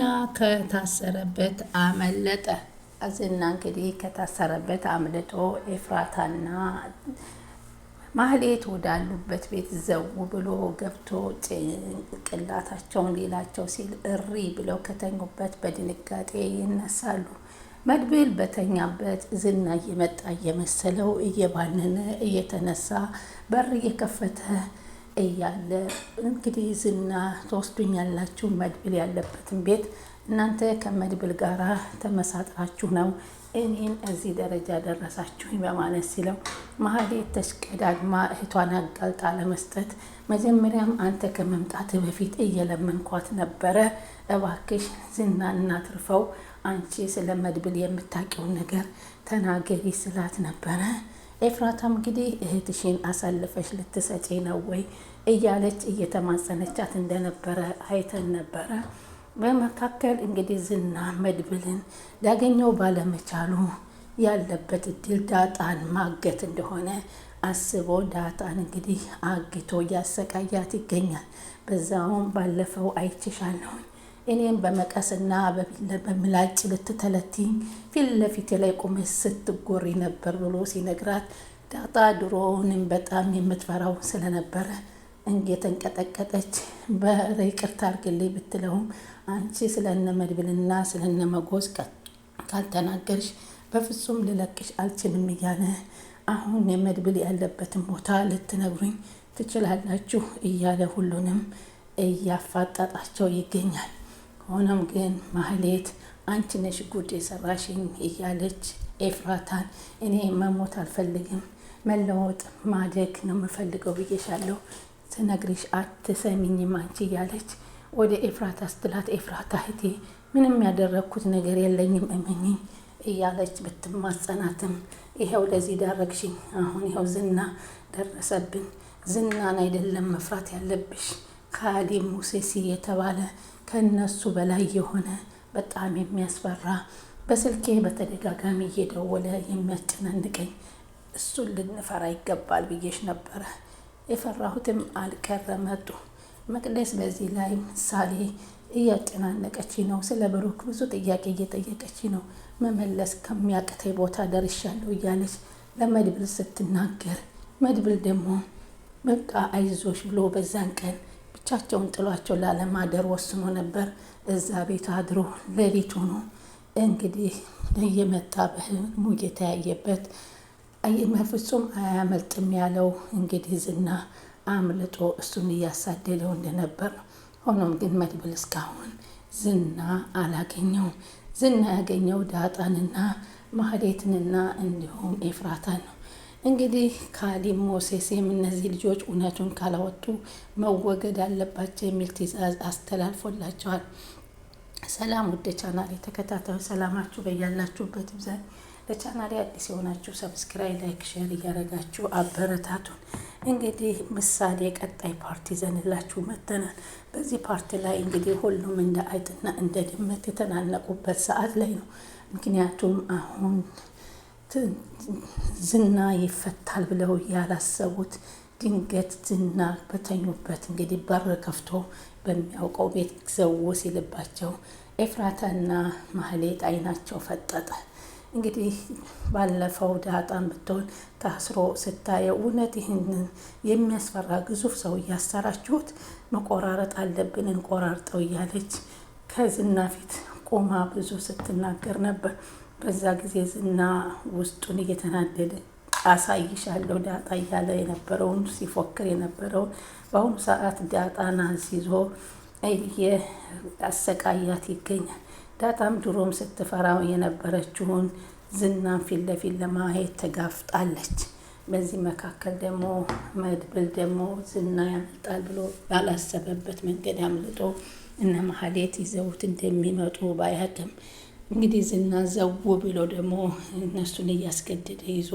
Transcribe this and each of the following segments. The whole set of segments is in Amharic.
ዝና ከታሰረበት አመለጠ። ዝና እንግዲህ ከታሰረበት አምልጦ ኤፍራታና ማህሌት ወዳሉበት ቤት ዘው ብሎ ገብቶ ጭንቅላታቸውን ሌላቸው ሲል እሪ ብለው ከተኙበት በድንጋጤ ይነሳሉ። መድብል በተኛበት ዝና እየመጣ እየመሰለው እየባነነ እየተነሳ በር እየከፈተ እያለ እንግዲህ ዝና ተወስዱኛላችሁ መድብል ያለበትን ቤት እናንተ ከመድብል ጋር ተመሳጥራችሁ ነው እኔን እዚህ ደረጃ ደረሳችሁኝ በማለት ሲለው መሀሌት ተሽቀዳድማ እህቷን አጋልጣ ለመስጠት መጀመሪያም አንተ ከመምጣት በፊት እየለመንኳት ነበረ፣ እባክሽ ዝና እናትርፈው፣ አንቺ ስለ መድብል የምታውቂውን ነገር ተናገሪ ስላት ነበረ። ኤፍራታም እንግዲህ እህትሽን አሳልፈሽ ልትሰጪ ነው ወይ እያለች እየተማጸነቻት እንደነበረ አይተን ነበረ። በመካከል እንግዲህ ዝና መድብልን ሊያገኘው ባለመቻሉ ያለበት እድል ዳጣን ማገት እንደሆነ አስቦ ዳጣን እንግዲህ አግቶ እያሰቃያት ይገኛል። በዛውም ባለፈው አይችሻለሁኝ እኔም በመቀስና በምላጭ ልትተለትኝ ፊት ለፊቴ ላይ ቁመ ስትጎሪ ነበር ብሎ ሲነግራት ዳጣ ድሮውንም በጣም የምትፈራው ስለነበረ እንጌተንቀጠቀጠች በይቅርታ አድርግልኝ ብትለውም አንቺ ስለነ መድብልና ስለነ መጎዝ ካልተናገርሽ በፍጹም ልለቅሽ አልችልም እያለ አሁን የመድብል ያለበትን ቦታ ልትነግሩኝ ትችላላችሁ እያለ ሁሉንም እያፋጠጣቸው ይገኛል። ሆኖም ግን ማህሌት አንቺ ነሽ ጉድ የሰራሽኝ እያለች ኤፍራታን እኔ መሞት አልፈልግም፣ መለወጥ ማደግ ነው የምፈልገው ብዬሻለሁ፣ ስነግሪሽ አትሰሚኝም አንቺ እያለች ወደ ኤፍራታ ስትላት ኤፍራታ እህቴ ምንም ያደረግኩት ነገር የለኝም እመኚኝ እያለች ብትማጸናትም ይኸው ለዚህ ዳረግሽኝ። አሁን ይኸው ዝና ደረሰብን። ዝናን አይደለም መፍራት ያለብሽ ካሊ ሙሴሲ የተባለ ከነሱ በላይ የሆነ በጣም የሚያስፈራ በስልኬ በተደጋጋሚ እየደወለ የሚያጨናንቀኝ እሱን ልንፈራ ይገባል ብዬሽ ነበረ። የፈራሁትም አልቀረ መጡ። መቅደስ በዚህ ላይ ምሳሌ እያጨናነቀች ነው። ስለ ብሩክ ብዙ ጥያቄ እየጠየቀች ነው። መመለስ ከሚያቅተ ቦታ ደርሻለሁ እያለች ለመድብል ስትናገር፣ መድብል ደግሞ በቃ አይዞሽ ብሎ በዛን ቀን ብቻቸውን ጥሏቸው ላለማደር ወስኖ ነበር። እዛ ቤት አድሮ ሌሊት ሆኖ እንግዲህ እየመጣ በህልሙ የተያየበት ፍጹም አያመልጥም ያለው እንግዲህ ዝና አምልጦ እሱን እያሳደደው እንደነበር ነው። ሆኖም ግን መድብል እስካሁን ዝና አላገኘውም። ዝና ያገኘው ዳጣንና ማህሌትንና እንዲሁም ኤፍራታን ነው። እንግዲህ ካሊብ ሞሴስም እነዚህ ልጆች እውነቱን ካላወጡ መወገድ አለባቸው የሚል ትዕዛዝ አስተላልፎላቸዋል። ሰላም ወደ ቻናል የተከታታዩ ሰላማችሁ በያላችሁበት ይብዛ። ለቻናል አዲስ የሆናችሁ ሰብስክራይ፣ ላይክ፣ ሼር እያደረጋችሁ አበረታቱን። እንግዲህ ምሳሌ ቀጣይ ፓርቲ ዘንላችሁ መተናል። በዚህ ፓርቲ ላይ እንግዲህ ሁሉም እንደ አይጥና እንደ ድመት የተናነቁበት ሰዓት ላይ ነው። ምክንያቱም አሁን ዝና ይፈታል ብለው ያላሰቡት ድንገት ዝና በተኙበት እንግዲህ በር ከፍቶ በሚያውቀው ቤት ዘው ሲልባቸው ኤፍራታና ማህሌት አይናቸው ፈጠጠ። እንግዲህ ባለፈው ዳጣን ብትሆን ታስሮ ስታየው እውነት ይህንን የሚያስፈራ ግዙፍ ሰው እያሰራችሁት መቆራረጥ አለብን እንቆራርጠው እያለች ከዝና ፊት ቆማ ብዙ ስትናገር ነበር። በዛ ጊዜ ዝና ውስጡን እየተናደደ አሳይሻለሁ ዳጣ እያለ የነበረውን ሲፎክር የነበረውን በአሁኑ ሰዓት ዳጣን ይዞ አሰቃያት ይገኛል። ዳጣም ድሮም ስትፈራው የነበረችውን ዝናን ፊት ለፊት ለማየት ተጋፍጣለች። በዚህ መካከል ደግሞ መድብል ደግሞ ዝና ያመጣል ብሎ ያላሰበበት መንገድ አምልጦ እነ መሀሌት ይዘውት እንደሚመጡ ባያቅም እንግዲህ ዝና ዘው ብሎ ደግሞ እነሱን እያስገደደ ይዞ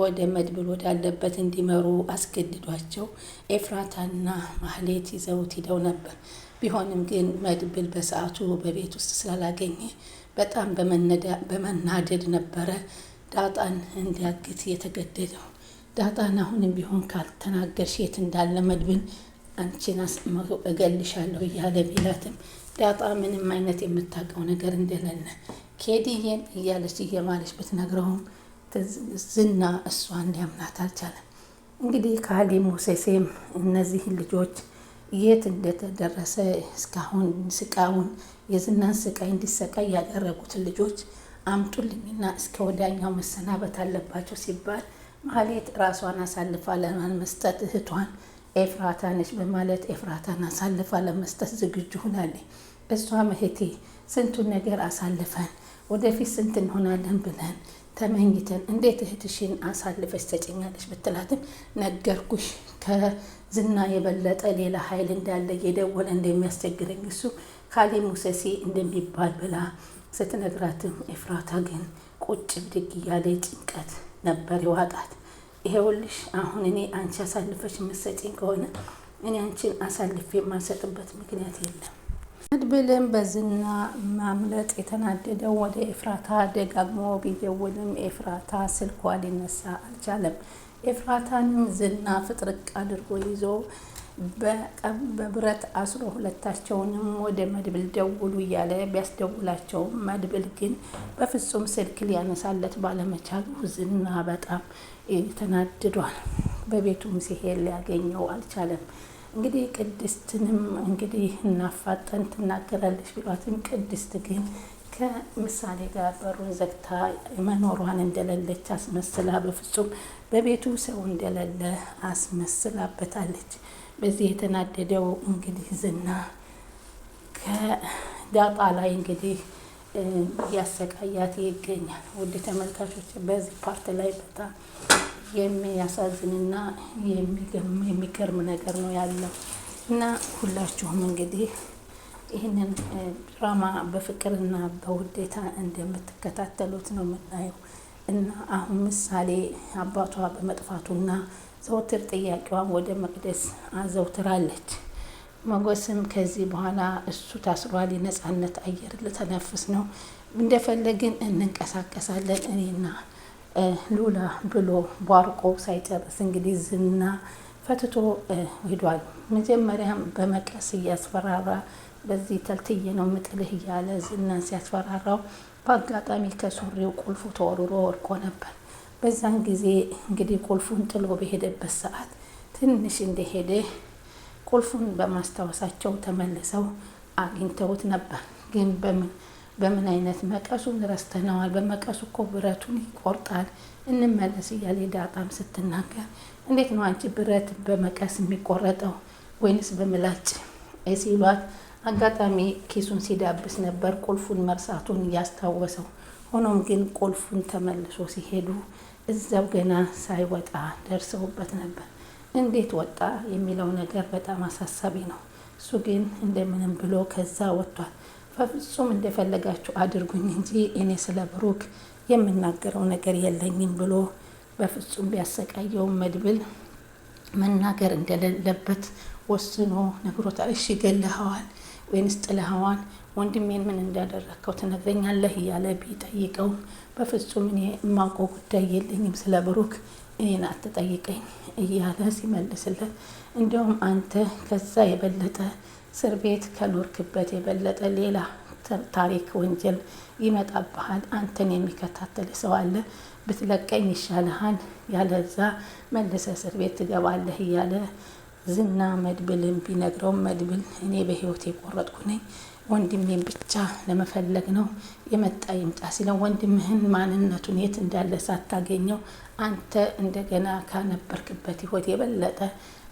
ወደ መድብል ወዳለበት እንዲመሩ አስገድዷቸው ኤፍራታና ማህሌት ይዘውት ሂደው ነበር። ቢሆንም ግን መድብል በሰዓቱ በቤት ውስጥ ስላላገኘ በጣም በመናደድ ነበረ ዳጣን እንዲያግት የተገደደው። ዳጣን አሁንም ቢሆን ካልተናገርሽ የት እንዳለ መድብል አንቺን እገልሻለሁ እያለ ቢላትም ዳጣ ምንም አይነት የምታውቀው ነገር እንደሌለ ኬድዬን እያለች እየማለች ብትነግረውም ዝና እሷን ሊያምናት አልቻለም። እንግዲህ ካሌም ሞሴሴም እነዚህን ልጆች የት እንደተደረሰ እስካሁን ስቃውን የዝናን ስቃይ እንዲሰቃይ ያደረጉትን ልጆች አምጡልኝና እስከ ወዲያኛው መሰናበት አለባቸው ሲባል ማህሌት ራሷን አሳልፋ ለመስጠት እህቷን ኤፍራታ ነች በማለት ኤፍራታን አሳልፋ ለመስጠት ዝግጁ ሁናለች። እሷ እህቴ ስንቱን ነገር አሳልፈን ወደፊት ስንት እንሆናለን ብለን ተመኝተን እንዴት እህትሽን አሳልፈች ተጨኛለች ብትላትም ነገርኩሽ ከዝና የበለጠ ሌላ ኃይል እንዳለ እየደወለ እንደሚያስቸግረኝ እሱ ካሌ ሙሰሴ እንደሚባል ብላ ስትነግራትም ኤፍራታ ግን ቁጭ ብድግ እያለ ጭንቀት ነበር ይዋጣት። ይሄውልሽ አሁን እኔ አንቺ አሳልፈሽ የምትሰጪኝ ከሆነ እኔ አንቺን አሳልፌ የማልሰጥበት ምክንያት የለም። መድብልም በዝና ማምለጥ የተናደደው ወደ ኤፍራታ ደጋግሞ ቢደውልም ኤፍራታ ስልኳ ሊነሳ አልቻለም። ኤፍራታንም ዝና ፍጥርቅ አድርጎ ይዞ በብረት አስሮ ሁለታቸውንም ወደ መድብል ደውሉ እያለ ቢያስደውላቸውም መድብል ግን በፍጹም ስልክ ሊያነሳለት ባለመቻሉ ዝና በጣም ተናድዷል። በቤቱም ሲሄድ ሊያገኘው አልቻለም። እንግዲህ ቅድስትንም እንግዲህ እናፋጠን ትናገራለች ቢሏትም ቅድስት ግን ከምሳሌ ጋር በሩን ዘግታ መኖሯን እንደሌለች አስመስላ በፍጹም በቤቱ ሰው እንደሌለ አስመስላበታለች። በዚህ የተናደደው እንግዲህ ዝና ከዳጣ ላይ እንግዲህ እያሰቃያት ይገኛል። ውድ ተመልካቾች በዚህ ፓርት ላይ በጣም የሚያሳዝንና የሚገርም ነገር ነው ያለው እና ሁላችሁም እንግዲህ ይህንን ድራማ በፍቅርና በውዴታ እንደምትከታተሉት ነው የምናየው እና አሁን ምሳሌ አባቷ በመጥፋቱና ዘውትር ጥያቄዋን ወደ መቅደስ አዘውትራለች። መጎስም ከዚህ በኋላ እሱ ታስሯል፣ የነጻነት አየር ልተነፍስ ነው፣ እንደፈለግን እንንቀሳቀሳለን እኔና ሉላ ብሎ ቧርቆ ሳይጨርስ እንግዲህ ዝና ፈትቶ ሂዷል። መጀመሪያም በመቀስ እያስፈራራ በዚህ ተልትዬ ነው ምጥልህ እያለ ዝና ሲያስፈራራው በአጋጣሚ ከሱሪው ቁልፉ ተወርሮ ወድቆ ነበር። በዛን ጊዜ እንግዲህ ቁልፉን ጥሎ በሄደበት ሰዓት ትንሽ እንደሄደ ቁልፉን በማስታወሳቸው ተመልሰው አግኝተውት ነበር ግን በምን በምን አይነት መቀሱን ረስተነዋል። በመቀሱ እኮ ብረቱን ይቆርጣል እንመለስ እያለ ዳጣም ስትናገር እንዴት ነው አንቺ ብረት በመቀስ የሚቆረጠው ወይንስ በምላጭ ሲሏት፣ አጋጣሚ ኪሱን ሲዳብስ ነበር ቁልፉን መርሳቱን እያስታወሰው። ሆኖም ግን ቁልፉን ተመልሶ ሲሄዱ እዛው ገና ሳይወጣ ደርሰውበት ነበር። እንዴት ወጣ የሚለው ነገር በጣም አሳሳቢ ነው። እሱ ግን እንደምንም ብሎ ከዛ ወጥቷል። በፍጹም እንደፈለጋችሁ አድርጉኝ እንጂ እኔ ስለ ብሩክ የምናገረው ነገር የለኝም ብሎ በፍጹም ቢያሰቃየው መድብል መናገር እንደሌለበት ወስኖ ነግሮታል። እሺ ገለኸዋል ወይንስ ጥለኸዋል? ወንድሜን ምን እንዳደረግከው ትነግረኛለህ እያለ ቢጠይቀው በፍጹም እኔ የማውቀው ጉዳይ የለኝም ስለ ብሩክ እኔን አትጠይቀኝ እያለ ሲመልስለት፣ እንዲሁም አንተ ከዛ የበለጠ እስር ቤት ከኖርክበት የበለጠ ሌላ ታሪክ ወንጀል ይመጣብሃል። አንተን የሚከታተል ሰው አለ። ብትለቀኝ ይሻልሃል፣ ያለዛ መልሰ እስር ቤት ትገባለህ እያለ ዝና መድብልን ቢነግረውም መድብል እኔ በህይወት የቆረጥኩ ነኝ ወንድሜን ብቻ ለመፈለግ ነው የመጣ ይምጣ ሲለው፣ ወንድምህን ማንነቱን የት እንዳለ ሳታገኘው አንተ እንደገና ካነበርክበት ህይወት የበለጠ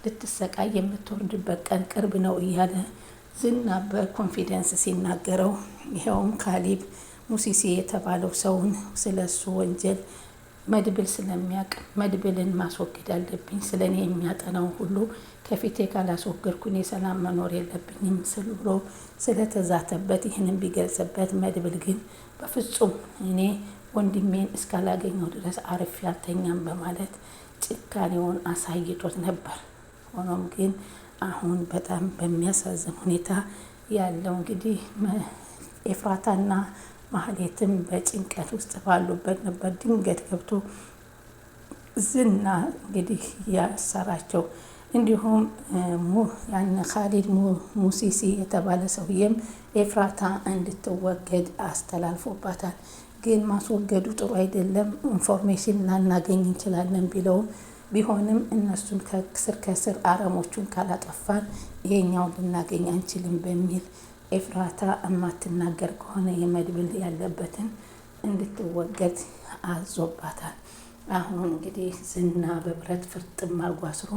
ልትሰቃይ የምትወርድበት ቀን ቅርብ ነው እያለ ዝና በኮንፊደንስ ሲናገረው ይኸውም ካሊብ ሙሲሴ የተባለው ሰውን ስለ እሱ ወንጀል መድብል ስለሚያውቅ መድብልን ማስወገድ አለብኝ፣ ስለ እኔ የሚያጠናው ሁሉ ከፊቴ ካላስወገድኩን የሰላም ሰላም መኖር የለብኝም ስል ብሎ ስለተዛተበት ይህንን ቢገልጽበት፣ መድብል ግን በፍጹም እኔ ወንድሜን እስካላገኘው ድረስ አርፌ አልተኛም በማለት ጭካኔውን አሳይቶት ነበር። ሆኖም ግን አሁን በጣም በሚያሳዝን ሁኔታ ያለው እንግዲህ ኤፍራታና ማህሌትም በጭንቀት ውስጥ ባሉበት ነበር። ድንገት ገብቶ ዝና እንግዲህ ያሰራቸው እንዲሁም ያን ካሊድ ሙሲሲ የተባለ ሰውዬም ኤፍራታ እንድትወገድ አስተላልፎባታል። ግን ማስወገዱ ጥሩ አይደለም፣ ኢንፎርሜሽን ላናገኝ እንችላለን ቢለውም ቢሆንም እነሱን ከስር ከስር አረሞቹን ካላጠፋን ይሄኛውን ልናገኝ አንችልም በሚል ኤፍራታ እማትናገር ከሆነ የመድብል ያለበትን እንድትወገድ አዞባታል። አሁን እንግዲህ ዝና በብረት ፍርጥም አጓስሮ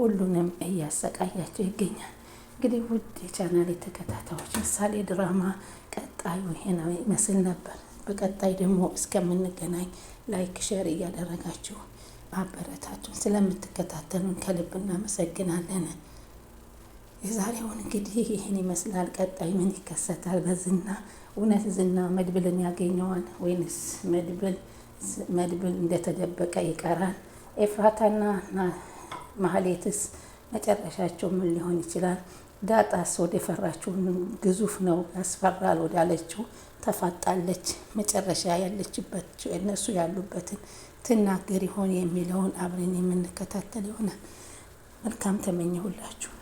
ሁሉንም እያሰቃያቸው ይገኛል። እንግዲህ ውድ የቻናል ተከታታዮች ምሳሌ ድራማ ቀጣዩ ይሄ ነው ይመስል ነበር። በቀጣይ ደግሞ እስከምንገናኝ ላይክ፣ ሸር እያደረጋችሁ አበረታቱን። ስለምትከታተሉን ከልብ እናመሰግናለን። የዛሬውን እንግዲህ ይህን ይመስላል። ቀጣይ ምን ይከሰታል በዝና እውነት ዝና መድብልን ያገኘዋል ወይንስ መድብል መድብል እንደተደበቀ ይቀራል? ኤፍራታና ማህሌትስ መጨረሻቸው ምን ሊሆን ይችላል? ዳጣስ ወደ ፈራችው ግዙፍ ነው ያስፈራል ወዳለችው ተፋጣለች። መጨረሻ ያለችበት እነሱ ያሉበትን ትናገር ይሆን የሚለውን አብረን የምንከታተል ይሆናል። መልካም ተመኘሁላችሁ።